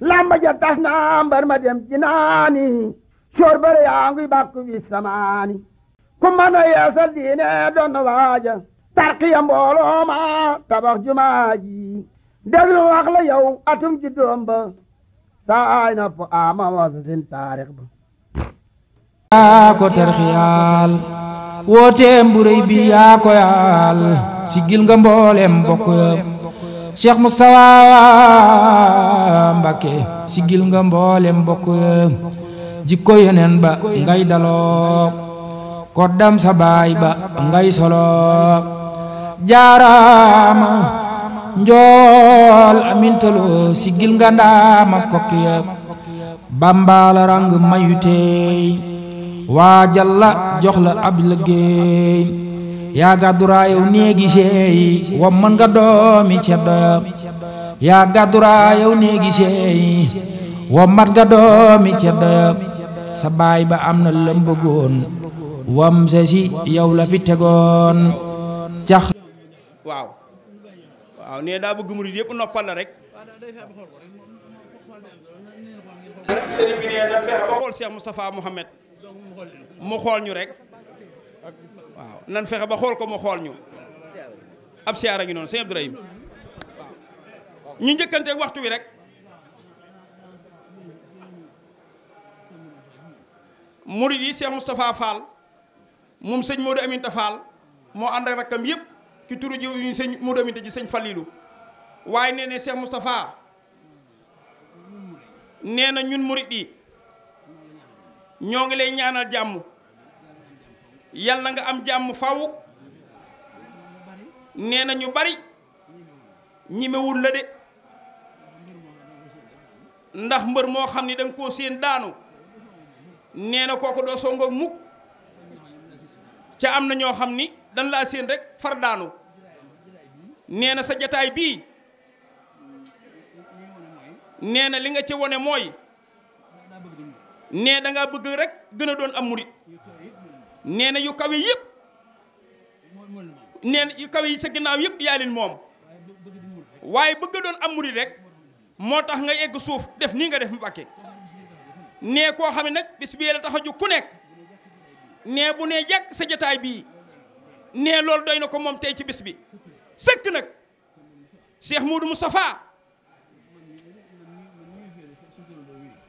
lamba ja tas mbar ma dem ci soor bare yaa ngi bàkku bi samaani ku mën yeesal diine doon waaja tarqiya mbooloo ma tabax jumaa ji la yow atum ci doom ba saa na fu ama wasa sin taarix ba yaa ko tarxiyaal wooteem bu bi yaa ko yaal siggil nga mbooleem mbokk Cheikh Moustapha Mbàkke sigil nga mboolem bokk jikko yeneen ba ngay daloo koddam sa baay ba ngay soloo jaaraama njool amintaloo sigil nga ndaama kokki bàmbaala rang mayu teey waajal la jox ab liggéey yaa gàddu raayaw néegi seey wam mën nga doomi cedda yaa gàdduraa yow néegi seey wommat nga doomi cedda sa baay ba am na lëm bëggoon wam si yow la fi tegoon cax waaw waaw nee daa bëgg murid yëpp noppal la rek sëriñ bi nee na fexe ba xool Cheikh Moustapha Mohamed mu xool ñu rek waaw nan fexe ba xool ko mu xool ñu ab siyaara ngi noonu sëñ Abdourahim ñu njëkkante waxtu wi rek murid yi Cheikh Moustapha Fall moom sëñ Modou Aminta Fall moo ànd ak rakkam yëpp ci turu ji ñu sëñ Modou Aminta ji sëñ Falilou waaye nee na Cheikh Moustapha nee na ñun murid yi ñoo ngi lay ñaanal jàmm yal na nga am jàmm faw nee na ñu bari ñimewul la de ndax mbër moo xam ni da nga koo séen daanu nee na kooku doo songoog mukk ca am na ñoo xam ni dañ laa séen rek far daanu nee na sa jataay bii nee na li nga ci wone mooy nee danga bëgg rek gën a doon am murit nee na yu kawe yëpp nee na yu kawe yi sa ginnaaw yëpp yaa moom waaye bëgg doon am murit rek moo tax nga egg suuf def nii nga def Mbàkke nee koo xam ne nag bis bii la tax a jóg ku nekk nee bu nee jàkk sa jataay bii nee loolu doy na ko moom tey ci bis bi sëkk nag Cheikh Moudou safaa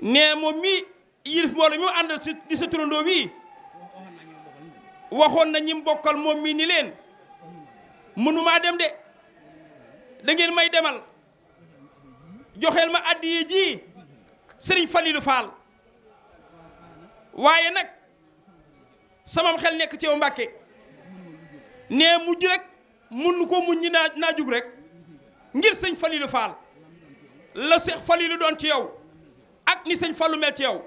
nee moom mii yilif mbooloo mi àndal si di sa turandoo wii waxoon na ñim bokkal moom mii ni leen mënumaa dem de da ngeen may demal Johelma ma addiye ji sëriñ Falilou Fall waaye nak samam xel nek ci yow Mbàkke ne mujj rek mun ko muñ C'est na djug rek ngir sëñ Falilou Fall la cheikh Falilou folie ci yow ak ni Fallou mel ci yow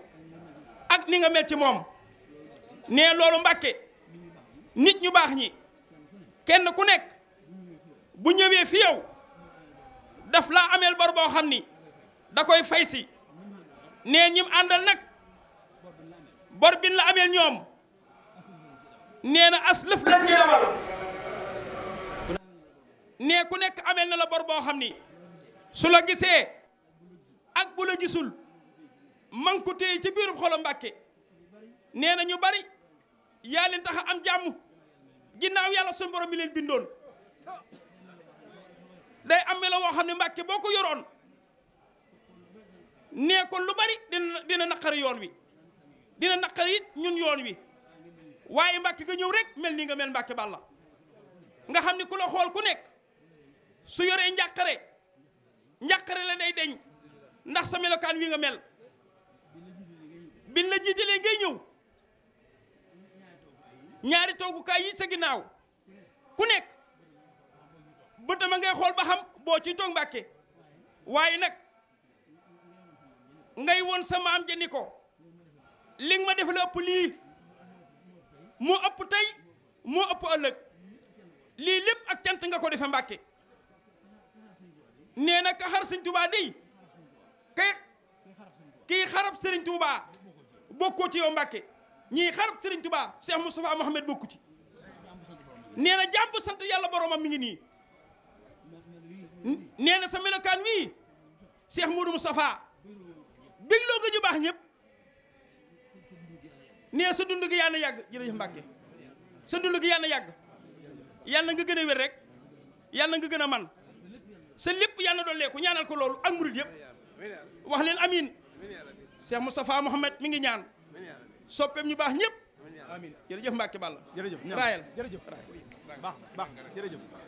ak ni nga mel ci mom nit ñu bax ñi kenn ku bu fi yow daf la ameel bor boo xam ni da koy fay si nee ñim àndal nag bor bin la ameel ñoom nee na as lëf lañ ci dawal nee ku nekk ameel na la bor boo xam ni su la gisee ak bu la gisul man ko téye ci biirub xolam nee na ñu bari yaa leen tax am jàmm ginnaaw yàlla suñu mi leen bindoon la woo xam ne mbàkke boo ko yoroon nee ko lu bari dina dina yoon wi dina naqari it ñun yoon wi waaye mbàkke nga ñëw rek mel nii nga mel mbàkke balla nga xam ne ku la ku nekk su yoree njàqare njaqare la day deñ ndax sa melokaan wi nga mel bin la jiitalee ngay ñëw ñaari toogukaay yi sa ginnaaw ku nekk bëtama ngay xool ba xam boo ci toog mbàkke waaye nag ngay won sa maam ko li ma def la ëpp lii moo ëpp tey moo ëpp ëllëg lii lépp ak cant nga ko defe mbàkke nee na ka xar sëñ Tuubaa day kay kii xarab sëriñ Tuubaa bokkoo ci yow mbàkke ñii xarab sëriñ Tuubaa Cheikh Moustapha Mohamed bokku ci nee na jàmb sant yàlla boromam mi ngi nii nee na sa melokaan wii Cheikh Moudou Moustapha bégloo nga ñu baax ñëpp nee sa dund gi yàlla yàgg jërëjëf Mbàkke sa dund gi yàlla yàgg yàlla nga gën a wér rek yàlla nga gën a man sa lépp yàlla dooleeku ñaanal ko loolu ak murid yëpp wax leen amiin Cheikh Moustapha Mohamed mi ngi ñaan soppeem ñu baax ñëpp amiin jërëjëf Mbàkke Balla jërëjëf raayal jërëjëf raayal baax baax jërëjëf